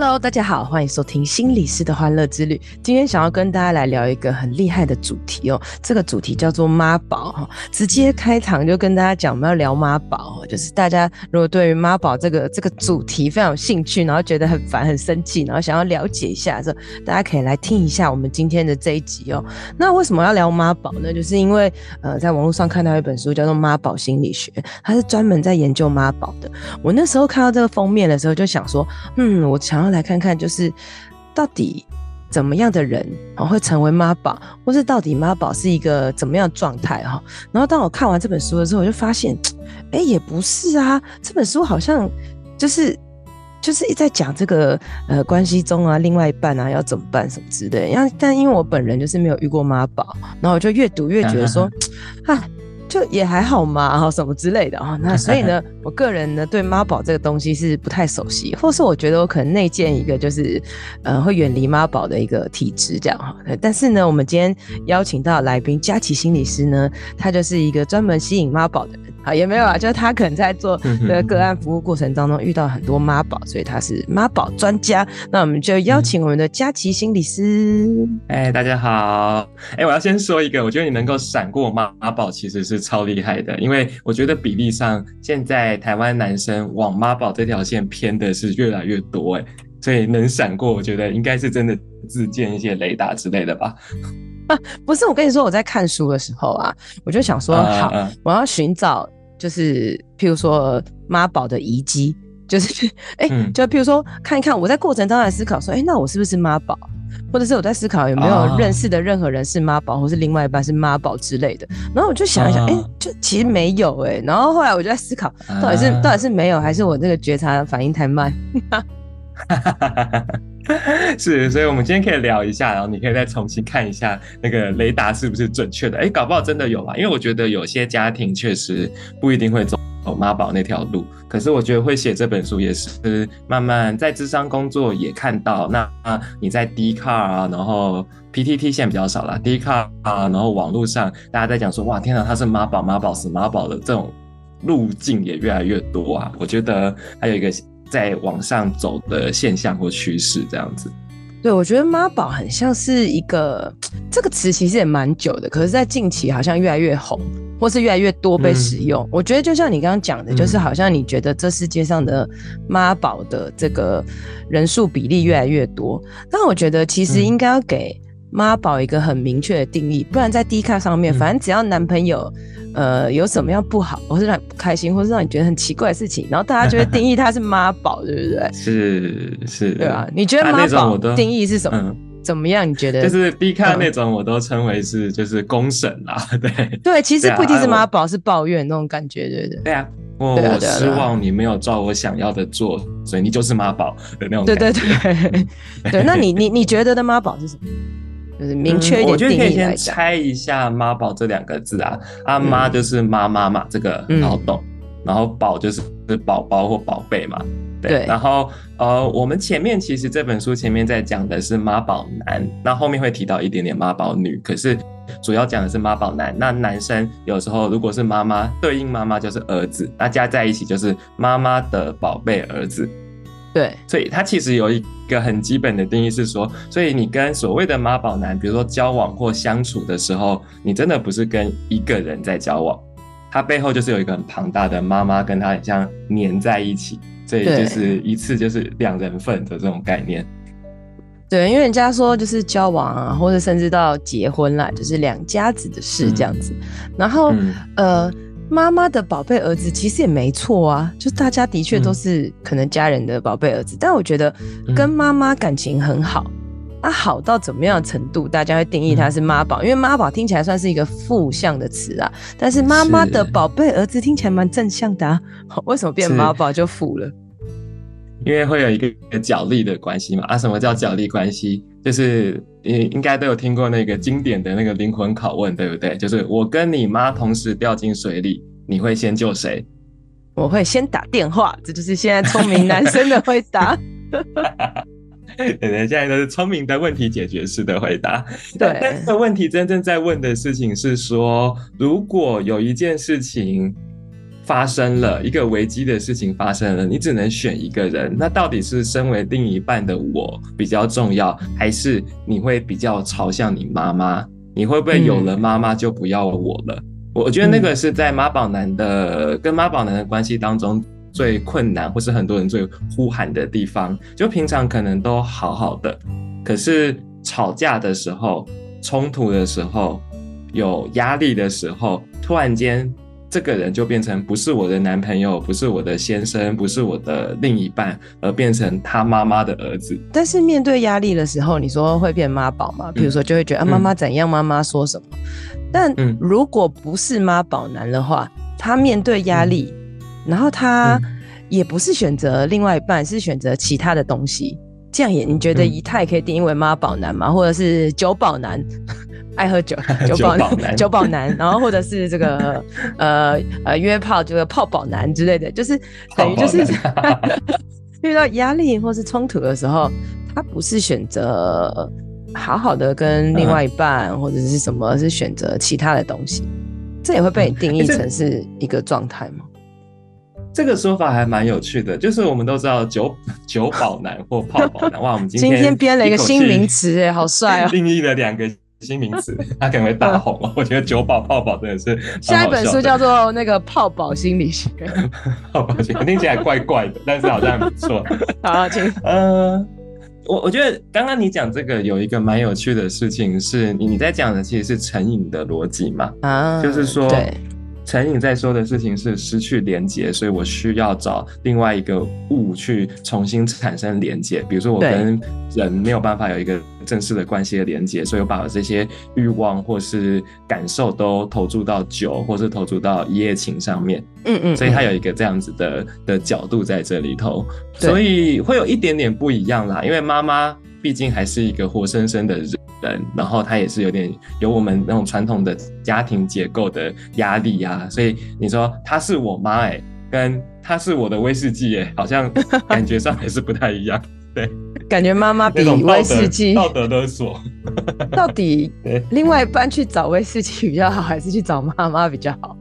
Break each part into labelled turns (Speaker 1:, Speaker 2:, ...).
Speaker 1: Hello，大家好，歡迎收聽心理師的歡樂之旅。今天想要跟大家來聊一個很厲害的主題哦，這個主題叫做媽寶哈。直接開場就跟大家講，我們要聊媽寶，就是大家如果對於媽寶這個這個主題非常有興趣，然後覺得很煩、很生氣，然後想要了解一下的時候，這大家可以來聽一下我們今天的這一集哦。那為什麼要聊媽寶呢？就是因為呃，在網絡上看到一本書叫做《媽寶心理學》，它是專門在研究媽寶的。我那時候看到這個封面的時候，就想說，嗯，我想要。來看看，就是到底怎麼樣的人會成為媽寶，或是到底媽寶是一個怎麼樣的狀態哈？然後當我看完這本書的時候，我就發現，哎、欸，也不是啊，這本書好像就是就是一直在講這個呃關係中啊，另外一半啊要怎麼辦什麼之類的。然後但因為我本人就是沒有遇過媽寶，然後我就越讀越覺得說，啊。就也還好嘛，然後什麼之類的啊，那所以呢，Okay. 我個人呢對媽寶這個東西是不太熟悉，或是我覺得我可能內建一個就是，呃，會遠離媽寶的一個體質這樣哈。但是呢，我們今天邀請到來賓家齊心理師呢，他就是一個專門吸引媽寶的人。啊，也沒有啊，就是他可能在做的個案服務過程當中遇到很多媽寶、嗯，所以他是媽寶專家。那我們就邀請我們的家齊心理師。哎，
Speaker 2: 大家好。哎、欸，我要先說一個，我覺得你能夠閃過媽寶其實是超厲害的，因為我覺得比例上現在台灣男生往媽寶這條線偏的是越來越多、欸。哎，所以能閃過，我覺得應該是真的自建一些雷達之類的吧、
Speaker 1: 啊。不是，我跟你說，我在看書的時候啊，我就想說，好，嗯嗯我要尋找。就是，譬如說媽寶的遺機，就是去，哎、欸，嗯、就譬如說看一看，我在過程當中在思考，說，哎、欸，那我是不是媽寶？或者是我在思考有沒有認識的任何人是媽寶，哦、或是另外一半是媽寶之類的。然後我就想一想，哎、哦欸，就其實沒有、欸，哎。然後後來我就在思考，到底是、嗯、到底是沒有，還是我這個覺察反應太慢？
Speaker 2: 是，所以我們今天可以聊一下，然後你可以再重新看一下那個雷達是不是準確的。哎、欸，搞不好真的有吧？因為我覺得有些家庭確實不一定會走走媽寶那條路，可是我覺得會寫這本書也是慢慢在諮商工作也看到。那你在 D 卡啊，然後 P T T 線比較少啦，D 卡啊，然後網絡上大家在講說哇，天哪，他是媽寶，媽寶死媽寶的這種路徑也越來越多啊。我覺得還有一個。在往上走的現象或趨勢這樣子，
Speaker 1: 對我覺得媽寶很像是一個這個詞，其實也蠻久的，可是，在近期好像越來越紅，或是越來越多被使用。嗯、我覺得就像你剛剛講的，就是好像你覺得這世界上的媽寶的這個人數比例越來越多，那我覺得其實應該要給。媽寶一個很明確的定義，不然在 D 卡上面，反正只要男朋友、嗯、呃有什麼樣不好，嗯、或是讓你不開心，或是讓你覺得很奇怪的事情，然後大家就會定義他是媽寶， 對不對？是
Speaker 2: 是，對啊。你覺得媽寶的定義是什麼、啊嗯？
Speaker 1: 怎麼樣？你覺得？就是 D 卡那
Speaker 2: 種，我都稱為是、嗯、就是公審啦，對對。其實不一定是媽寶、
Speaker 1: 啊，是抱怨那種感覺，對不對？對啊，我啊啊啊我失望，
Speaker 2: 你沒有照我想要的做，所以你就是媽寶的那種感覺。對
Speaker 1: 對對，對， 對。那你你你覺得的媽寶是什麼？
Speaker 2: 就是明確一點、嗯，我覺得可以先猜一下“媽寶”這兩個字啊。阿、啊、媽就是媽媽嘛、嗯，這個好懂。嗯、然後寶就是是寶寶或寶貝嘛，對，對。然後呃，我們前面其實這本書前面在講的是媽寶男，那後面會提到一點點媽寶女，可是主要講的是媽寶男。那男生有時候如果是媽媽對應，媽媽就是兒子，那加在一起就是媽媽的寶貝兒子。對，所以他其實有一個很基本的定義是說，所以你跟所謂的媽寶男，比如說交往或相處的時候，你真的不是跟一個人在交往，他背後就是有一個很龐大的媽媽跟他很像粘在一起，
Speaker 1: 所以就是
Speaker 2: 一次就是兩人份的這種概念。
Speaker 1: 對，因為人家說就是交往啊，或者甚至到結婚啦，就是兩家子的事這樣子。嗯、然後，嗯、呃。媽媽的寶貝兒子其實也沒錯啊，就是大家的確都是可能家人的寶貝兒子，嗯、但我覺得跟媽媽感情很好，嗯、啊，好到怎麼樣的程度，大家會定義他是媽寶、嗯，因為媽寶聽起來算是一個負向的詞啊，但是媽媽的寶貝兒子聽起來蠻正向的、啊，為什麼變媽寶就負了？
Speaker 2: 因為會有一個角力的關係嘛，啊，什麼叫角力關係？就是，應應該都有聽過那個經典的那個靈魂拷問，對不對？就是我跟你媽同時掉進水裡，你會先救誰？
Speaker 1: 我會先打電話，這就是現在聰明男生的回答。
Speaker 2: 等等，現在都是聰明的問題解決式的回答。對，但是問題真正在問的事情是說，如果有一件事情。發生了一個危機的事情，發生了，你只能選一個人。那到底是身為另一半的我比較重要，還是你會比較朝向你媽媽？你會不會有了媽媽就不要我了？嗯、我覺得那個是在媽寶男的跟媽寶男的關係當中最困難，或是很多人最呼喊的地方。就平常可能都好好的，可是吵架的時候、衝突的時候、有壓力的時候，突然間。這個人就變成不是我的男朋友，不是我的先生，不是我的另一半，而變成他媽媽的兒子。
Speaker 1: 但是面對壓力的時候，你說會變媽寶嗎？比、嗯、如說就會覺得啊、嗯，媽媽怎樣，媽媽說什麼。但如果不是媽寶男的話，他面對壓力，嗯、然後他也不是選擇另外一半，嗯、是選擇其他的東西。這樣也你覺得他太可以定義為媽寶男嗎、嗯？或者是酒寶男？愛喝酒，酒寶男，男酒寶男，然後或者是這個 呃呃約炮這個、就是、泡寶男之類的就是等於就是 遇到壓力或是衝突的時候，他不是選擇好好的跟另外一半、嗯、或者是什麼，是選擇其他的東西，這也會被你定義成是一個狀態嗎、嗯欸
Speaker 2: 這？這個說法還蠻有趣的，就是我們都知道酒酒寶男或泡寶男 哇，我們今天，今天編了一個新名詞
Speaker 1: 哎、欸，好帥啊！
Speaker 2: 定義了兩個。新名詞，他可能會大紅、嗯、我覺得酒保泡泡真的是的。下一本書叫
Speaker 1: 做那個《泡泡心理學》，
Speaker 2: 泡泡寶心理聽起來怪怪的， 但是好像還不錯。好，
Speaker 1: 請。呃我我覺得剛剛
Speaker 2: 你講這個有一個蠻有趣的事情是，是你你在講的其實是成癮的邏輯嘛？
Speaker 1: 啊，就是說。
Speaker 2: 陳穎在說的事情是失去連結，所以我需要找另外一個物去重新產生連結。比如說我跟人沒有辦法有一個正式的關係的連接，所以我把我這些慾望或是感受都投注到酒，或是投注到一夜情上面。嗯嗯，嗯，所以他有一個這樣子的的角度在這裡頭，所以會有一點點不一樣啦。因為媽媽。畢竟還是一個活生生的人，然後他也是有點有我們那種傳統的家庭結構的壓力呀、啊，所以你說他是我媽哎、欸，跟他是我的威士忌哎、欸，好像感覺上還是不太一樣， 對，
Speaker 1: 感覺媽媽比威士忌
Speaker 2: 道德， 道德勒索 到
Speaker 1: 底另外一半去找威士忌比較好，還是去找媽媽比較好？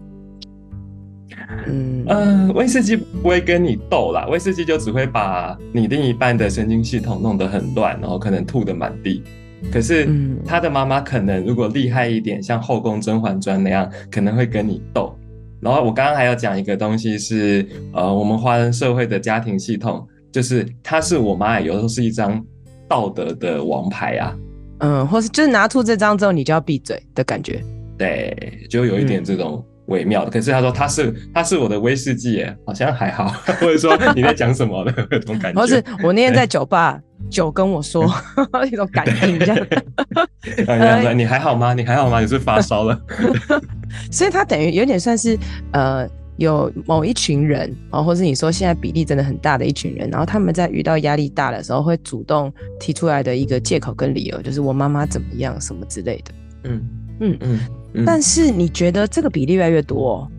Speaker 2: 嗯嗯、呃，威士忌不會跟你鬥啦，威士忌就只會把你另一半的神經系統弄得很亂，然後可能吐得滿地。可是他的媽媽可能如果厲害一點，像後宮甄嬛傳那樣，可能會跟你鬥。然後我剛剛還要講一個東西是，呃，我們華人社會的家庭系統，就是他是我媽，有時候是一張道德的王牌啊。嗯，
Speaker 1: 或是就拿出這張之後，你就要閉嘴的感覺。
Speaker 2: 對，就有一點這種。嗯微妙的，可是他說他是他是我的威士忌耶，好像還好，或者說你在講什麼的那種感覺？ 或是，我那天在酒
Speaker 1: 吧 酒跟我說那 種感覺，這
Speaker 2: 樣，子 這樣。你還好嗎？你還好嗎？你是，是發燒了？
Speaker 1: 所以他等於有點算是呃，有某一群人啊，或者你說現在比例真的很大的一群人，然後他們在遇到壓力大的時候，會主動提出來的一個借口跟理由，就是我媽媽怎麼樣什麼之類的。嗯嗯嗯。嗯但是你覺得這個比例越來越多哦？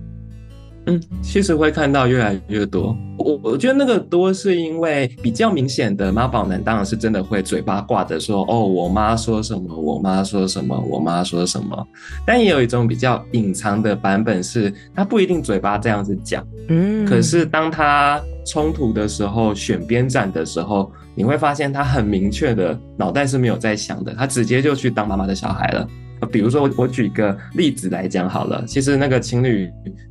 Speaker 2: 嗯，其實會看到越來越多。我我覺得那個多是因為比較明顯的媽寶男，當然是真的會嘴巴掛着說：“哦，我媽說什麼，我媽說什麼，我媽說什麼。”但也有一種比較隱藏的版本是，是他不一定嘴巴這樣子講。
Speaker 1: 嗯，可是
Speaker 2: 當他衝突的時候，選邊站的時候，你會發現他很明確的腦袋是沒有在想的，他直接就去當媽媽的小孩了。比如說我舉一個例子來講好了，其實那個情侶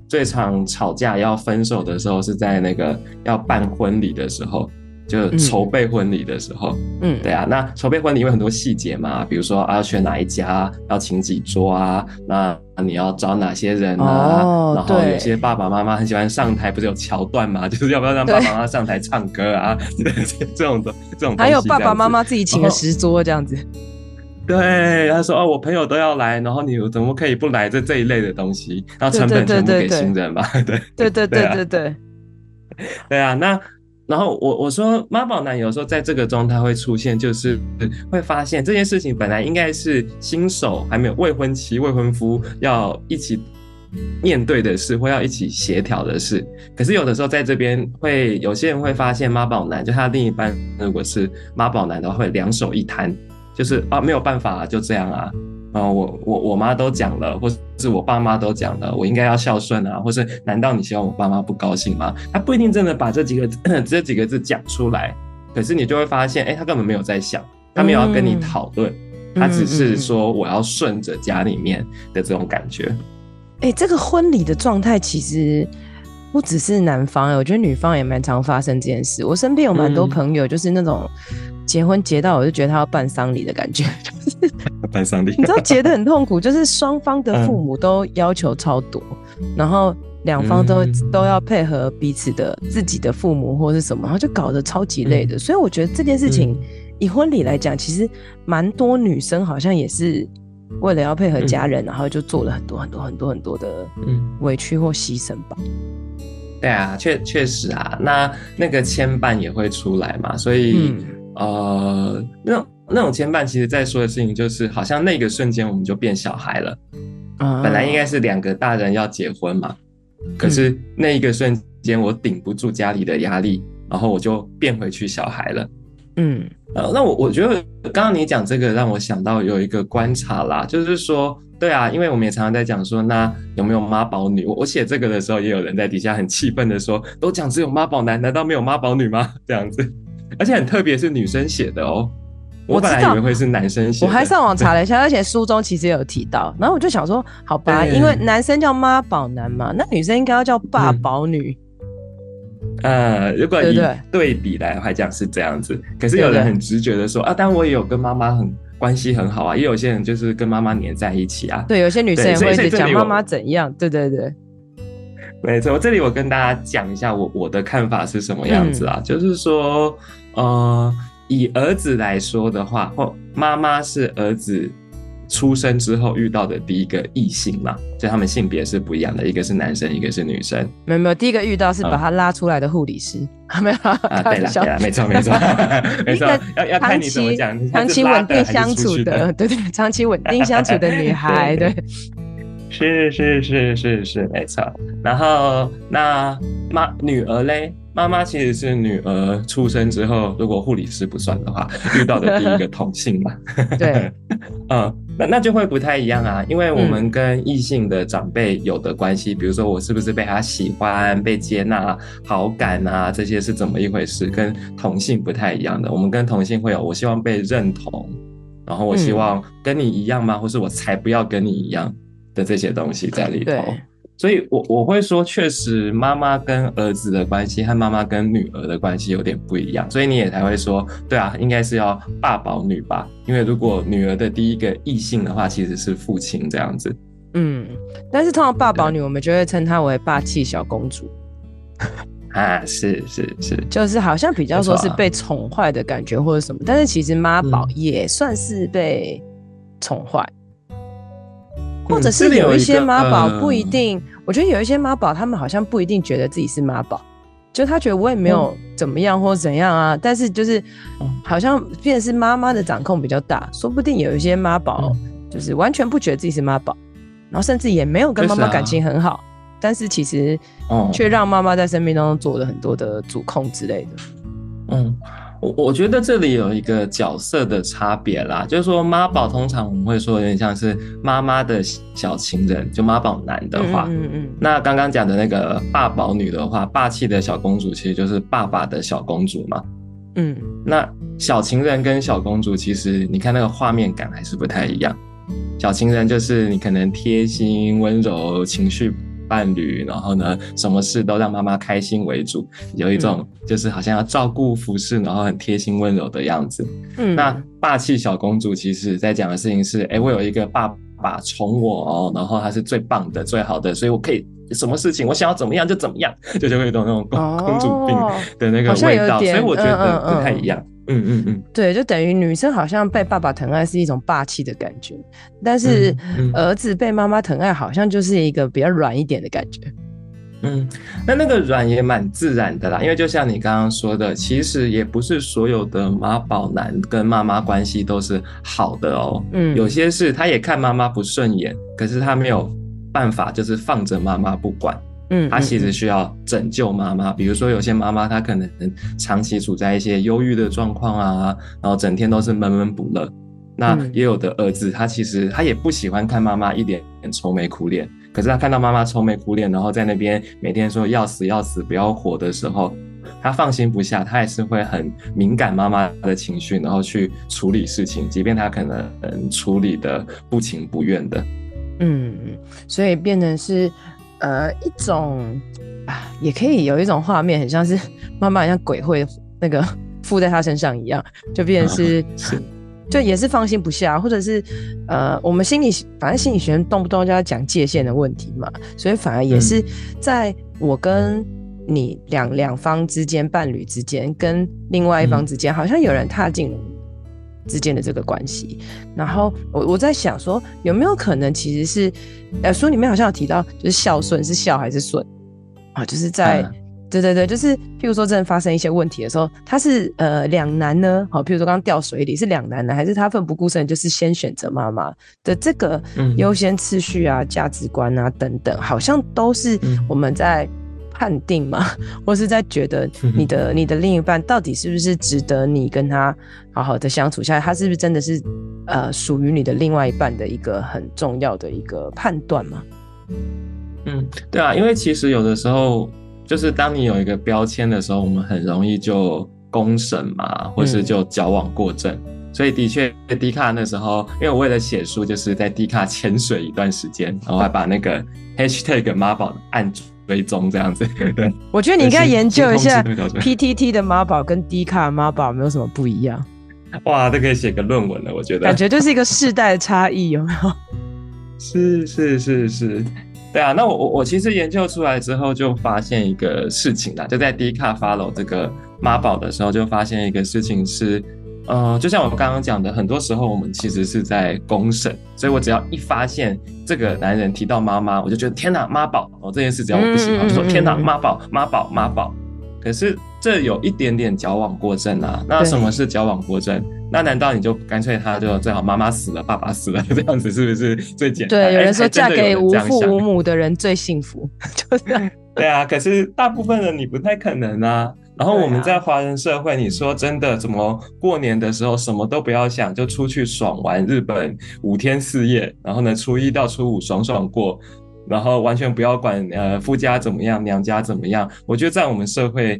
Speaker 2: 最常吵架要分手的時候是在那個要辦婚禮的時候，就是籌備婚禮的時候。嗯，對啊，那籌備婚禮有很多細節嘛，嗯、比如說啊選哪一家，要請幾桌啊，那你要找哪些人啊、哦，然後有些爸爸媽媽很喜歡上台，不是有橋段嘛，就是要不要讓爸爸媽媽上台唱歌啊，這種的這種這。還有爸爸媽媽自己請了十
Speaker 1: 桌這樣子。
Speaker 2: 對，他說哦，我朋友都要來，然後你怎麼可以不來這？這這一類的東西，然後成本全部給新人吧。對對對對對對啊！那然後我我說媽寶男有時候在這個狀態會出現，就是會發現這件事情本來應該是新手還沒有未婚妻未婚夫要一起面對的事，或要一起協調的事，可是有的時候在這邊會有些人會發現媽寶男，就他另一半如果是媽寶男的話，會兩手一攤。就是啊，沒有辦法、啊，就這樣啊。啊、呃，我我我媽都講了，或是我爸媽都講了，我應該要孝順啊。或是難道你希望我爸媽不高興嗎？他不一定真的把這幾個這幾個字講出來，可是你就會發現，哎、欸，他根本沒有在想，他沒有要跟你討論，他、嗯、只是說我要順着家裡面的這種感覺。
Speaker 1: 哎、欸，這個婚禮的狀態其實不只是男方、欸，我覺得女方也蠻常發生這件事。我身邊有蠻多朋友，嗯、就是那種。結婚結到我就覺得他要辦喪禮的感覺，就
Speaker 2: 是辦喪禮。你知道結
Speaker 1: 得很痛苦，就是雙方的父母都要求超多，嗯、然後兩方都、嗯、都要配合彼此的自己的父母或是什麼，然後就搞得超級累的。嗯、所以我覺得這件事情、嗯、以婚禮來講，其實蠻多女生好像也是為了要配合家人、嗯，然後就做了很多很多很多很多的委屈或犧牲吧。
Speaker 2: 對啊，確確實啊，那那個牽絆也會出來嘛，所以。嗯呃，那那種牽絆，其實在說的事情，就是好像那個瞬間我們就變小孩了。Oh. 本來應該是兩個大人要結婚嘛，可是那一個瞬間我頂不住家裡的壓力，mm. 然後我就變回去小孩
Speaker 1: 了。
Speaker 2: 嗯、mm.，呃，那我我覺得剛剛你講這個讓我想到有一個觀察啦，就是說，對啊，因為我們也常常在講說，那有沒有媽寶女？我寫這個的時候，也有人在底下很氣憤的說，都講只有媽寶男，難道沒有媽寶女嗎？這樣子。而且很特別，是女生寫的哦，我。
Speaker 1: 我本來以為會
Speaker 2: 是男生寫，我還上網查了一下，
Speaker 1: 而且書中其實也有提到。然後我就想說，好吧，因為男生叫媽寶男嘛，那女生應該要叫爸寶女。嗯。
Speaker 2: 呃，如果以對比來的話講是這樣子對對對，可是有人很直覺的說對對對啊，但我也有跟媽媽很關係很好啊，也有些人就是跟媽媽黏在一起啊。對，有些女生也會講媽媽
Speaker 1: 怎樣，對，所以所以，對對對。
Speaker 2: 沒錯，我這裡我跟大家講一下我我的看法是什麼樣子啊、嗯？就是說，呃，以兒子來說的話，媽媽是兒子出生之後遇到的第一個異性嘛，所以他們性別是不一樣的，一個是男生，一個是女生。
Speaker 1: 沒有沒有，第一個遇到是把他拉出來的護理師，沒、嗯、有、啊啊啊，沒錯沒錯 沒錯錯， 要要看你怎麼講， 長期穩定相處的，對對，長期穩定相處的女孩， 對。對是
Speaker 2: 是是是是，沒錯。然後那媽女兒嘞，媽媽其實是女兒出生之後，如果護理師不算的話，遇到的第一個同性嘛。 對，嗯，那那就會不太一樣啊，因為我們跟異性的長輩有的關係，嗯，比如說我是不是被他喜歡、被接納、好感啊，這些是怎麼一回事？跟同性不太一樣的。我們跟同性會有我希望被認同，然後我希望跟你一樣嗎？嗯、或是我才不要跟你一樣。的這些東西在裡頭，所以我，我我會說，確實，媽媽跟兒子的關係和媽媽跟女兒的關係有點不一樣，所以你也才會說，對啊，應該是要爸寶女吧？因為如果女兒的第一個異性的話，其實是父親這樣子。
Speaker 1: 嗯，但是通常爸寶女，我們就會稱她為霸氣小公主。
Speaker 2: 啊，是是是，
Speaker 1: 就是好像比較說是被寵壞的感覺，或者什麼，啊，但是其實媽寶也算是被寵壞。嗯嗯
Speaker 2: 或者是有一些媽寶不一
Speaker 1: 定一、嗯，我覺得有一些媽寶，他們好像不一定覺得自己是媽寶，就他覺得我也沒有怎麼樣或者怎樣啊、嗯，但是就是好像變得是媽媽的掌控比較大，嗯、說不定有一些媽寶就是完全不覺得自己是媽寶、嗯，然後甚至也沒有跟媽媽感情很好，就是啊、但是其實卻讓媽媽在生命當中做了很多的主控之類的，嗯。
Speaker 2: 嗯我我覺得這裡有一個角色的差別啦，就是說媽寶通常我們會說有點像是媽媽的小情人，就媽寶男的話，嗯嗯，那剛剛講的那個爸寶女的話，霸氣的小公主其實就是爸爸的小公主嘛，嗯，那小情人跟小公主其實你看那個畫面感還是不太一樣，小情人就是你可能貼心溫柔情緒。伴侶，然後呢，什麼事都讓媽媽開心為主，有一種就是好像要照顧服侍，然後很貼心溫柔的樣子。嗯，那霸氣小公主其實，在講的事情是，哎、欸，我有一個爸爸寵我哦，然後他是最棒的、最好的，所以我可以什麼事情，我想要怎麼樣就怎麼樣，就就會有一種那種公、哦、公主病的那個味道，所以我覺得不太一樣。嗯嗯嗯嗯
Speaker 1: 嗯嗯，對，就等於女生好像被爸爸疼愛是一種霸氣的感覺，但是兒子被媽媽疼愛好像就是一個比較軟一點的感覺。嗯，嗯
Speaker 2: 那那個軟也蠻自然的啦，因為就像你剛剛說的，其實也不是所有的媽寶男跟媽媽關係都是好的哦。嗯，有些事他也看媽媽不順眼，可是他沒有辦法，就是放着媽媽不管。
Speaker 1: 嗯，嗯，嗯、他其實
Speaker 2: 需要拯救媽媽。比如說，有些媽媽她可能長期處在一些憂鬱的狀況啊，然後整天都是悶悶不樂。那也有的兒子，他其實他也不喜歡看媽媽一點點愁眉苦臉，可是他看到媽媽愁眉苦臉，然後在那邊每天說要死要死不要活的時候，他放心不下，他也是會很敏感媽媽的情緒，然後去處理事情，即便他可能能處理得不情不願的。嗯
Speaker 1: 嗯，所以變成是。呃，一種啊，也可以有一種畫面，很像是媽媽像鬼會那個附在他身上一樣，就變成是， 就也是放心不下，或者是呃，我們心理反正心理學動不動就要講界限的問題嘛，所以反而也是在我跟你兩兩方之間、伴侶之間跟另外一方之間、嗯，好像有人踏進了。之間的這個關係，然後我我在想說，有沒有可能其實是，呃，書裡面好像有提到，就是孝順是孝還是順啊？就是在、啊、對對對，就是譬如說，真的發生一些問題的時候，他是呃兩難呢？好，譬如說剛剛掉水裡是兩難呢？還是他奮不顧身就是先選擇媽媽的這個優先次序啊、嗯、價值觀啊等等，好像都是我們在判定嗎？或是在覺得你的你的另一半到底是不是值得你跟他好好的相處下來？他是不是真的是呃屬於你的另外一半的一個很重要的一個判斷嗎？嗯，
Speaker 2: 對啊，因為其實有的時候就是當你有一個標籤的時候，我們很容易就公審嘛，或是就矯枉過正、嗯。所以的確，在 Dcard 那時候，因為我為了寫書，就是在 Dcard 潛水一段時間，我還把那個 hashtag 媽寶按住。杯中這樣子，我覺得你應該研究一下 PTT
Speaker 1: 的媽寶跟 Dcard 媽寶有沒有什麼不一樣。
Speaker 2: 哇，這可以寫個論文了，我覺得。感覺就是一
Speaker 1: 個世代差異，有沒有、嗯？沒有
Speaker 2: 是，有沒有是是是是，是，對啊。那我我我其實研究出來之後，就發現一個事情啦，就在 Dcard follow 這個媽寶的時候，就發現一個事情是。嗯、呃，就像我剛剛講的，很多時候我們其實是在公審，所以我只要一發現這個男人提到媽媽，我就覺得天哪，媽寶！我、哦、這件事只要我不喜歡嗯嗯嗯，我就說天哪，媽寶，媽寶，媽寶。可是這有一點點矯枉過正啊。那什麼是矯枉過正？那難道你就乾脆他就最好媽媽死了，爸爸死了，這樣子是不是最簡單？對，欸、有人說嫁給無父無
Speaker 1: 母的人最幸福，就
Speaker 2: 是這樣。對啊， 可是大部分的你不太可能啊。然後我們在華人社會，你說真的，怎麼過年的時候什麼都不要想，就出去爽玩日本五天四夜，然後呢初一到初五爽爽過，然後完全不要管呃夫家怎麼樣，娘家怎麼樣？我覺得在我們社會，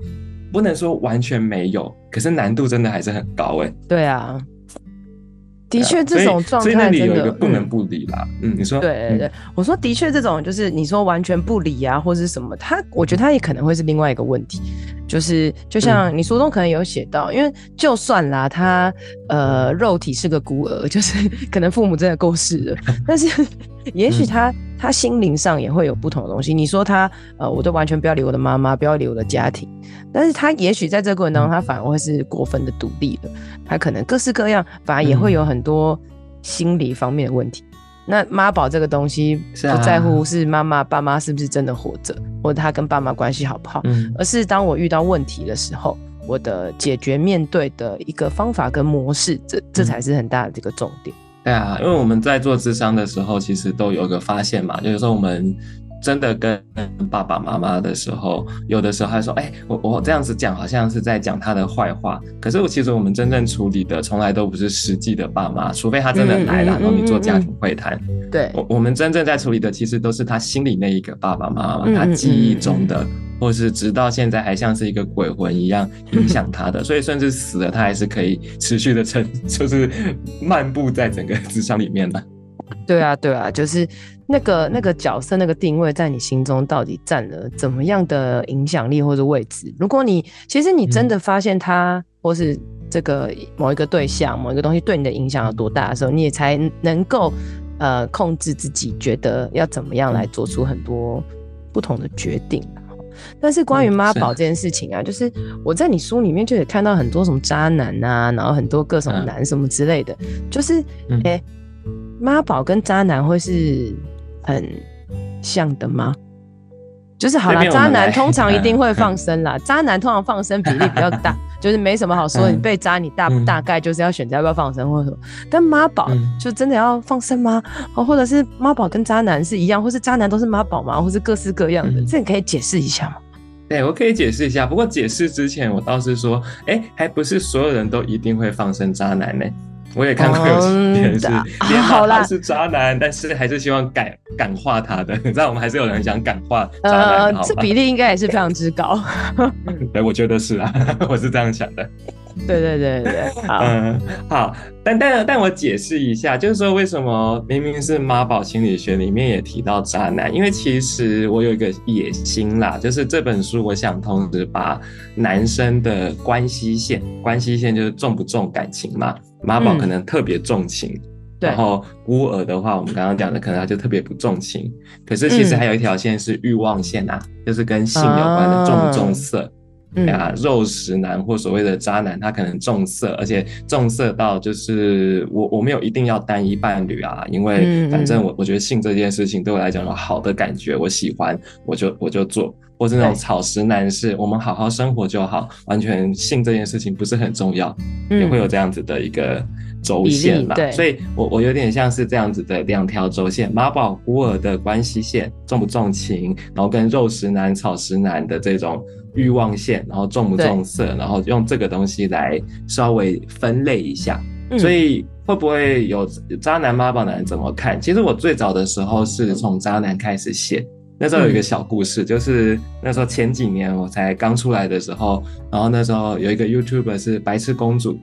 Speaker 2: 不能說完全沒有，可是難度真的還是很高哎、欸。對啊，的確這種狀態，所以那裡有一個不能
Speaker 1: 不理啦。嗯，你說對對，對，我說的確這種就是你說完全不理啊，或是什麼？他我覺得他也可能會是另外一個問題。就是就像你書中可能有寫到、嗯，因為就算啦，他呃肉體是個孤兒，就是可能父母真的過世了，但是也許他、嗯、他心靈上也會有不同的東西。你說他呃，我都完全不要理我的媽媽，不要理我的家庭，但是他也許在這個過程當中，他反而會是過分的獨立的，他可能各式各樣，反而也會有很多心理方面的問題。嗯那媽寶這個東西，不在乎是媽媽、爸媽是不是真的活着、啊，或者他跟爸媽關係好不好、嗯，而是當我遇到問題的時候，我的解決、面對的一個方法跟模式，這、嗯、這才是很大的這個重點。
Speaker 2: 對啊，因為我們在做諮商的時候，其實都有一個發現嘛，就是說我們。真的跟爸爸媽媽的時候，有的時候他說：“哎、欸，我我這樣子講，好像是在講他的壞話。”可是我其實我們真正處理的，從來都不是實際的爸媽，除非他真的來了，然後、嗯嗯嗯嗯嗯、你做家庭會談。對，我我們真正在處理的，其實都是他心裡那一個爸爸媽媽，他記憶中的嗯嗯嗯嗯，或是直到現在還像是一個鬼魂一樣影響他的。所以，甚至死了，他還是可以持續的成， 就是漫步在整個職場裡面的。
Speaker 1: 對啊，對啊，就是。那個那個角色、那個定位在你心中到底佔了怎麼樣的影響力或者位置，如果你其實你真的發現他或是這個某一個對象、嗯、某一個東西對你的影響有多大的時候，你也才能夠呃控制自己覺得要怎麼樣來做出很多不同的決定。嗯、但是關於媽寶這件事情啊，嗯、啊，就是我在你書裡面就也看到很多什麼渣男吶、啊，然後很多各種男什麼之類的，嗯、就是哎媽寶跟渣男會是。很像的嗎？就是好啦，渣男通常一定會放生啦。 渣男通常放生比例比較大， 就是沒什麼好說。 你被渣，你大不大概就是要選擇要不要放生或者什麼。嗯、但媽寶就真的要放生嗎？哦、嗯，或者是媽寶跟渣男是一樣，或是渣男都是媽寶嗎？或是各式各樣的，嗯、這你可以解釋一下嗎？
Speaker 2: 對，我可以解釋一下。不過解釋之前，我倒是說，哎、欸，還不是所有人都一定會放生渣男呢、欸。我也看過有些人是，也他他是渣男，啊，但是還是希望感感化他的。你知道，我們還是有人想感化渣男呃，這比例
Speaker 1: 應該也是非常之高，
Speaker 2: 欸。 對，我覺得是啊，我是這樣想的。 對，對對對對，好，嗯，好，但但但我解釋一下，就是說，為什麼明明是媽寶心理學裡面也提到渣男，因為其實我有一個野心啦，就是這本書我想同時把男生的關係線，關係線就是重不重感情嘛，媽寶可能特別重情，嗯、然後孤兒的話，我們剛剛講的可能他就特別不重情，可是其實還有一條線是慾望線吶、啊嗯，就是跟性有關的重不重色。哦嗯、啊，肉食男或所謂的渣男，他可能重色，而且重色到就是我我沒有一定要單一伴侶啊，因為反正我我覺得性這件事情對我來講有好的感覺，嗯嗯，我喜歡我就我就做，或是那種草食男，是，我們好好生活就好，完全性這件事情不是很重要，嗯、也會有這樣子的一個軸線嘛對，所以我我有點像是這樣子的兩條軸線，媽寶孤兒的關係線重不重情，然後跟肉食男、草食男的這種。慾望線，然後重不重色，然後用這個東西來稍微分類一下。嗯。所以會不會有渣男、媽寶男怎麼看？其實我最早的時候是從渣男開始寫，那時候有一個小故事，嗯。就是那時候前幾年我才剛出來的時候，然後那時候有一個 YouTuber 是白痴公主。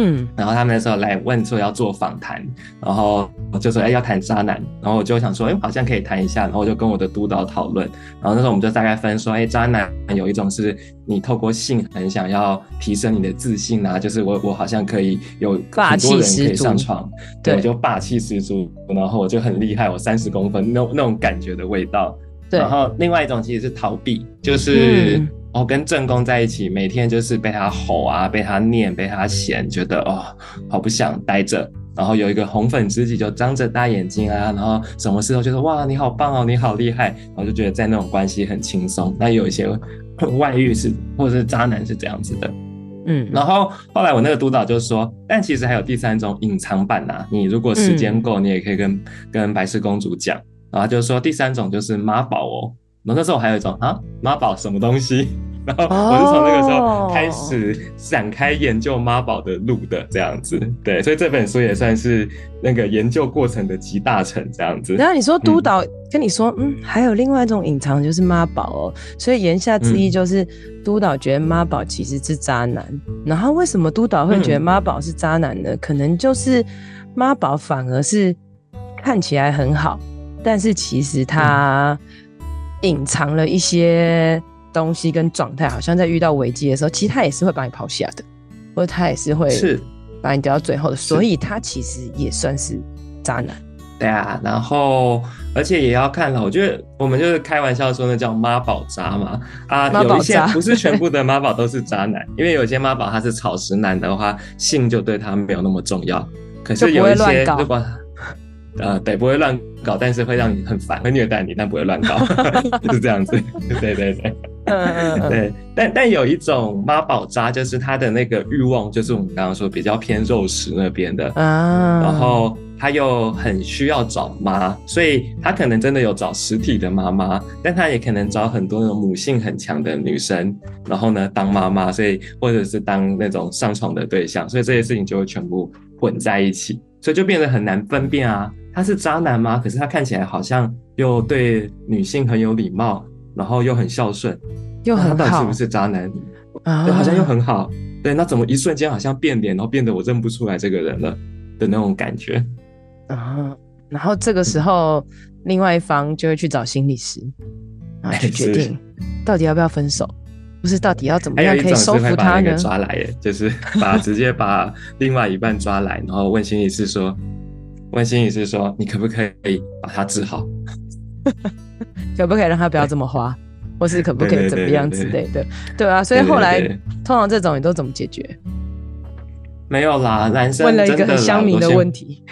Speaker 2: 嗯，然後他們那時候來問說要做訪談，然後我就說欸，要談渣男，然後我就想說欸，好像可以談一下，然後我就跟我的督導討論，然後那時候我們就大概分說欸，渣男有一種是你透過性很想要提升你的自信啊，就是我我好像可以有很多人可以上床，對，我就霸氣十足，然後我就很厲害，我三十公分那那種感覺的味道，對，然後另外一種其實是逃避，就是。嗯然、哦、後跟正宮在一起，每天就是被他吼啊，被他念，被他嫌，覺得哦，好不想待着。然後有一個紅粉知己，就張着大眼睛啊，然後什麼事都覺得哇，你好棒哦，你好厲害。然後就覺得在那種關係很輕鬆。那有一些外遇是，或者是渣男是這樣子的，嗯。然後後來我那個督導就說，但其實還有第三種隱藏版吶、啊，你如果時間夠，嗯、你也可以跟跟白癡公主講，然後就說第三種就是媽寶哦。然後那時候我還有一種啊媽寶什麼東西，然後我是從那個時候開始展開研究媽寶的路的這樣子，Oh. 對，所以這本書也算是那個研究過程的集大成這樣子。然後你說督導，
Speaker 1: 嗯、跟你說，嗯，還有另外一種隱藏就是媽寶哦，所以言下之意就是、嗯、督導覺得媽寶其實是渣男。然後為什麼督導會覺得媽寶是渣男呢？嗯、可能就是媽寶反而是看起來很好，但是其實他、嗯。隱藏了一些東西跟狀態，好像在遇到危機的時候，其實他也是會把你拋下的，或者他也是會把你丟到最後的，所以他其實也算是渣男。
Speaker 2: 對啊，然後而且也要看了，我覺得我們就是開玩笑說那叫媽寶渣嘛，啊，媽寶渣，有一些不是全部的媽寶都是渣男，因為有些媽寶他是草食男的話，性就對他沒有那麼重要，可是有一些就把就呃，對，不會亂搞。搞，但是會讓你很煩，會虐待你，但不會亂搞， 就是這樣子。對對對，uh. 對。但但有一種媽寶渣，就是他的那個慾望，就是我們剛剛說比較偏肉食那邊的
Speaker 1: 啊。Uh. 然後
Speaker 2: 他又很需要找媽，所以他可能真的有找實體的媽媽，但他也可能找很多那種母性很強的女生，然後呢當媽媽，所以或者是當那種上床的對象，所以這些事情就會全部混在一起，所以就變得很難分辨啊。他是渣男嗎？可是他看起來好像又對女性很有禮貌，然後又很孝順，又很好，是不是渣男啊？對，好像又很好。對，那怎麼一瞬間好像變臉，然後變得我認不出來這個人了的那種感覺啊？
Speaker 1: 然後這個時候、嗯，另外一方就會去找心理師，然後
Speaker 2: 去決定是
Speaker 1: 是到底要不要分手，不是？到底要怎麼樣可以收服他呢？哎、抓
Speaker 2: 來耶，就是把 直接把另外一半抓來，然後問心理師說。問心理師說：“你可不可以把他治好？
Speaker 1: 可不可以讓他不要這麼花？或是可不可以怎麼樣之類的對對對對對？對啊，所以後來對對對通常這種你都怎麼解決？
Speaker 2: 沒有啦，男生問了一個很鄉民的問題。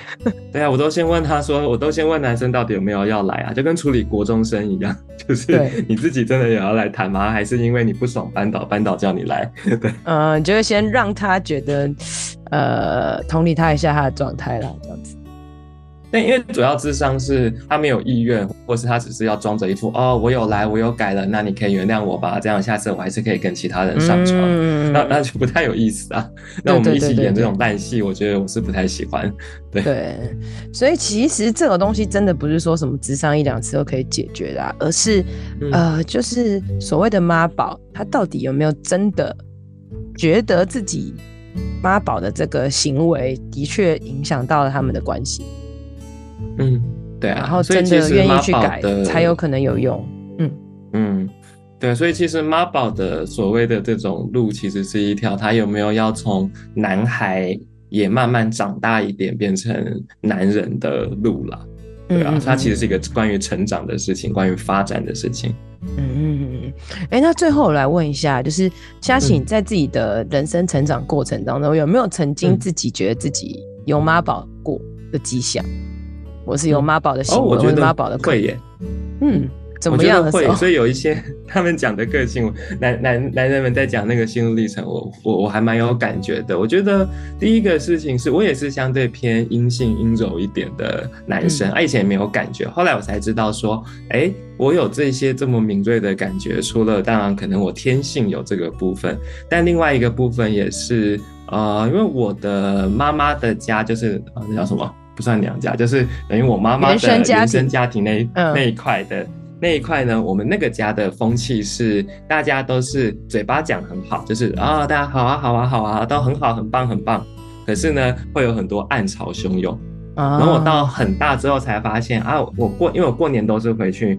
Speaker 2: 對啊，我都先問他說：我都先問男生到底有沒有要來啊？就跟處理國中生一樣，就是你自己真的也要來談嗎？還是因為你不爽班導，班導叫你來？
Speaker 1: 對、 呃，嗯，就會先讓他覺得呃，同理他一下他的狀態啦，這樣子。”
Speaker 2: 因為主要諮商，是他沒有意願，或是他只是要裝着一副哦，我有來，我有改了，那你可以原諒我吧，這樣下次我還是可以跟其他人
Speaker 1: 上
Speaker 2: 床，嗯、那那，就不太有意思啊。那我們一起演這種爛戲，我覺得我是不太喜歡。對、對、
Speaker 1: 對、對、對、對，所以其實這個東西真的不是說什麼諮商一兩次就可以解決的，啊，而是，嗯、呃，就是所謂的媽寶，他到底有沒有真的覺得自己媽寶的這個行為的確影響到了他們的關係？
Speaker 2: 嗯，對啊，然後真的願意去改，才有
Speaker 1: 可能有用。嗯嗯，
Speaker 2: 對，所以其實媽寶的所謂的這種路，其實是一條他、嗯、有沒有要從男孩也慢慢長大一點，變成男人的路了。對啊，他、嗯嗯嗯、其實是一個關於成長的事情，關於發展的事情。
Speaker 1: 嗯嗯嗯嗯。哎、欸，那最後我來問一下，就是家齊在自己的人生成長過程當中，嗯、有沒有曾經自己覺得自己有媽寶過的跡象？我是有媽寶的心、嗯，哦、我覺得媽寶的貴耶。嗯，怎麼樣會，所以
Speaker 2: 有一些他們講的個性，男男男人們在講那個心路歷程我，我我我還蠻有感覺的。我覺得第一個事情是我也是相對偏陰性陰柔一點的男生，嗯、啊，以前也沒有感覺，後來我才知道說，哎、欸，我有這些這麼敏銳的感覺。除了當然可能我天性有這個部分，但另外一個部分也是，呃，因為我的媽媽的家就是那、啊、叫什麼？不算娘家，就是等於我媽媽的原生家庭，那家庭那一塊的那一塊、嗯、呢。我們那個家的風氣是，大家都是嘴巴講很好，就是啊、哦，大家好啊，好啊，好啊，都很好，很棒，很棒。可是呢，會有很多暗潮洶湧。哦、然後我到很大之後才發現啊，我過因為我過年都是回去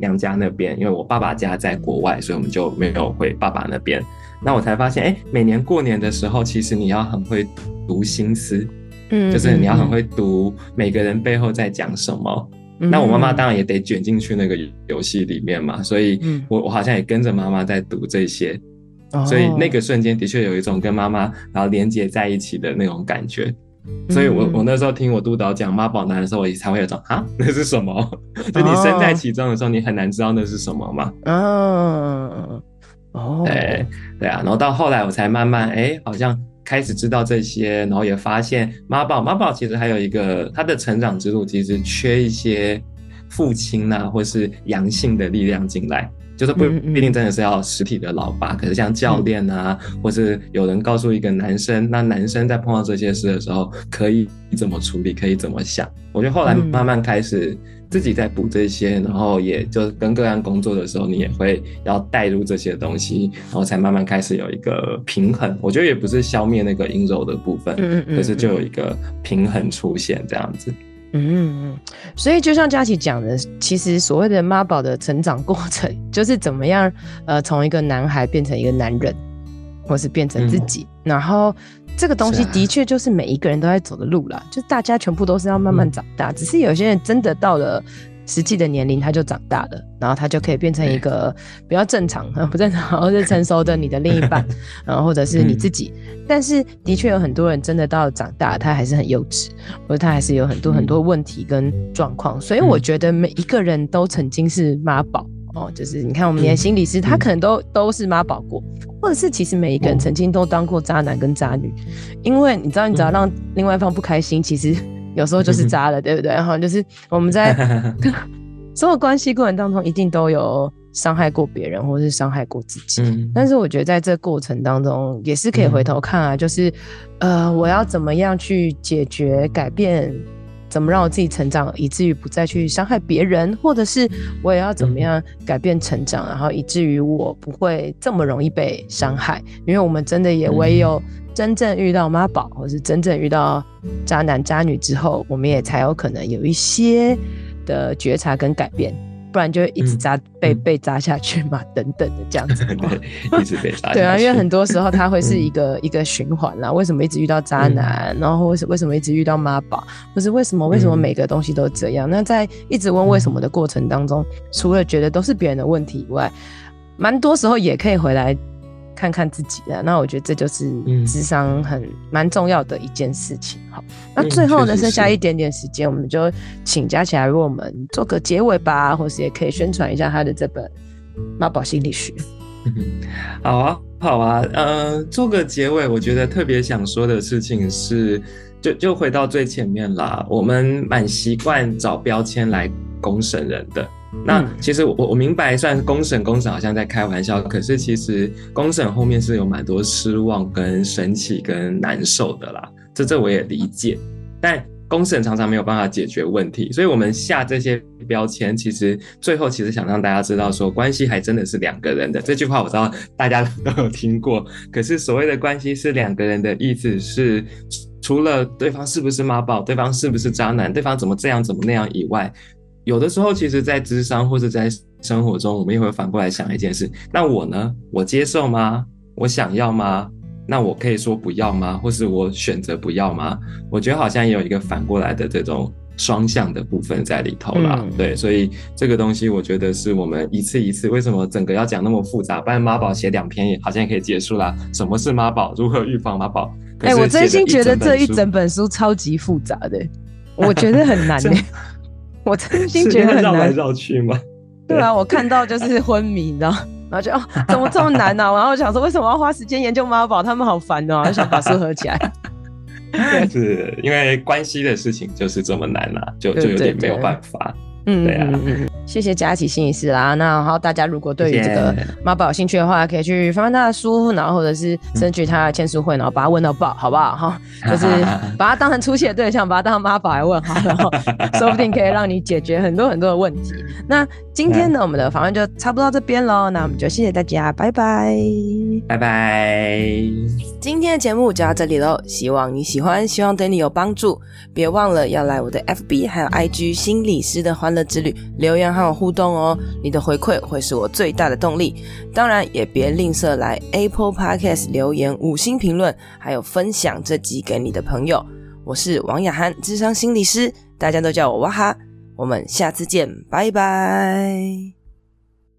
Speaker 2: 娘家那邊，因為我爸爸家在國外，所以我們就沒有回爸爸那邊。那我才發現，哎、欸，每年過年的時候，其實你要很會讀心思。
Speaker 1: 嗯，就是你要很
Speaker 2: 會讀每個人背後在講什麼。嗯嗯，那我媽媽當然也得捲進去那個遊戲裡面嘛，嗯、所以我、嗯、我好像也跟着媽媽在讀這些、哦，所以那個瞬間的確有一種跟媽媽然後連接在一起的那種感覺。嗯、所以我我那時候聽我督導講媽寶男的時候，我才會有種啊，那是什麼？ 就你身在其中的時候，哦、你很難知道那是什麼嘛、
Speaker 1: 哦。哦，
Speaker 2: 對對啊，然後到後來我才慢慢哎、欸，好像。開始知道這些，然後也發現媽寶，媽寶其實還有一個他的成長之路，其實缺一些父親吶、啊，或是陽性的力量進來，就是不一定真的是要實體的老爸。嗯嗯，可是像教練啊，或是有人告訴一個男生、嗯，那男生在碰到這些事的時候，可以怎麼處理，可以怎麼想？我覺得後來慢慢開始。嗯自己在補這些，然後也就是跟個案工作的時候，你也會要帶入這些東西，然後才慢慢開始有一個平衡。我覺得也不是消滅那個陰柔的部分嗯嗯嗯，可是就有一個平衡出現這樣子。嗯嗯
Speaker 1: 嗯，所以就像家齊講的，其實所謂的媽寶的成長過程，就是怎麼樣呃，從一個男孩變成一個男人。或是變成自己，嗯，然後這個東西的確就是每一個人都在走的路了。啊，就是大家全部都是要慢慢長大，嗯，只是有些人真的到了實際的年齡，他就長大了，然後他就可以變成一個比較正常、嗯、不正常或是成熟的你的另一半， 然後或者是你自己。嗯，但是的確有很多人真的到了長大，他還是很幼稚，或者他還是有很多很多問題跟狀況，嗯，所以我覺得每一個人都曾經是媽寶。哦，就是你看，我們的心理師，他可能都、嗯、都是媽寶過、嗯，或者是其實每一個人曾經都當過渣男跟渣女、嗯，因為你知道，你只要讓另外一方不開心，嗯、其實有時候就是渣了、嗯，對不對？然、嗯、後就是我們在哈哈哈哈 所有關係過程當中，一定都有傷害過別人，或是傷害過自己、嗯。但是我覺得，在這過程當中，也是可以回頭看啊，嗯、就是呃，我要怎麼樣去解決、改變。怎麼讓我自己成長，以至於不再去傷害別人，或者是我也要怎麼樣改變成長，嗯、然後以至於我不會這麼容易被傷害？因為我們真的也唯有真正遇到媽寶、嗯，或是真正遇到渣男渣女之後，我們也才有可能有一些的覺察跟改變。不然就會一直砸、嗯、被被砸下去嘛，等等的這樣子， 一直被
Speaker 2: 砸 對啊，因為很
Speaker 1: 多時候它會是一個、嗯、一個循環啦。為什麼一直遇到渣男？然後為什麼為什麼一直遇到媽寶？不、就是為什麼為什麼每個東西都這樣？嗯、那在一直問為什麼的過程當中，嗯、除了覺得都是別人的問題以外，蠻多時候也可以回來。看看自己的、啊，那我覺得這就是諮商很蠻、嗯、重要的一件事情。好，那最後呢，嗯、剩下一點點時間，我們就請家齊為我們做個結尾吧，或是也可以宣傳一下他的這本《媽寶心理學》。
Speaker 2: 好啊，好啊，嗯、呃，做個結尾，我覺得特別想說的事情是，就就回到最前面了，我們蠻習慣找標籤來。公審人的那，其實我我明白雖然，算公審公審好像在開玩笑，可是其實公審後面是有蠻多失望、跟生氣、跟難受的啦。這這我也理解，但公審常常沒有辦法解決問題，所以我們下這些標籤，其實最後其實想讓大家知道，說關係還真的是兩個人的這句話，我知道大家都有聽過。可是所謂的關係是兩個人的意思是，是除了對方是不是媽寶、對方是不是渣男、對方怎麼這樣、怎麼那樣以外。有的時候，其實，在諮商或是在生活中，我們也會反過來想一件事，那我呢？我接受嗎？我想要嗎？那我可以說不要嗎？或是我選擇不要嗎？我覺得好像也有一個反過來的這種雙向的部分在裡頭啦。嗯、對，所以這個東西，我覺得是我們一次一次為什麼整個要講那麼複雜？不然媽寶寫兩篇也好像可以結束啦。什麼是媽寶？如何預防媽寶？哎、欸，我真心覺得這一整
Speaker 1: 本書超級複雜的，我覺得很難呢。 我真心覺得繞來繞去嗎，對？對啊，我看到就是昏迷， 然後然後就、哦、怎麼這麼難呢、啊？然後我想說，為什麼要花時間研究媽寶？他們好煩哦，我想把書合起來。
Speaker 2: 是對，因為關係的事情就是這麼難啊，就對對對，就有點沒有辦法。
Speaker 1: 嗯，嗯、啊、嗯，謝謝家齊心理師啦。那好，大家如果對於這個媽寶有興趣的話，可以去翻翻他的書，然後或者是爭取他的簽書會，然後把它問到爆，好不好？哈，就是把它當成出氣的對象， 把它當媽寶來問，哈，然後說不定可以讓你解決很多很多的問題。 那今天呢，我們的訪問就差不多到這邊嘍。那我們就謝謝大家，拜拜，拜
Speaker 2: 拜。
Speaker 1: 今天的節目就到這裡嘍，希望你喜歡，希望對你有幫助。別忘了要來我的 FB 還有 IG 心理師的歡樂。的之旅留言和我互動哦，你的回饋會是我最大的動力。當然也別吝嗇來 Apple Podcast 留言五星評論，還有分享這集給你的朋友。我是王雅涵，諮商心理師，大家都叫我哇哈。我們下次見，拜拜。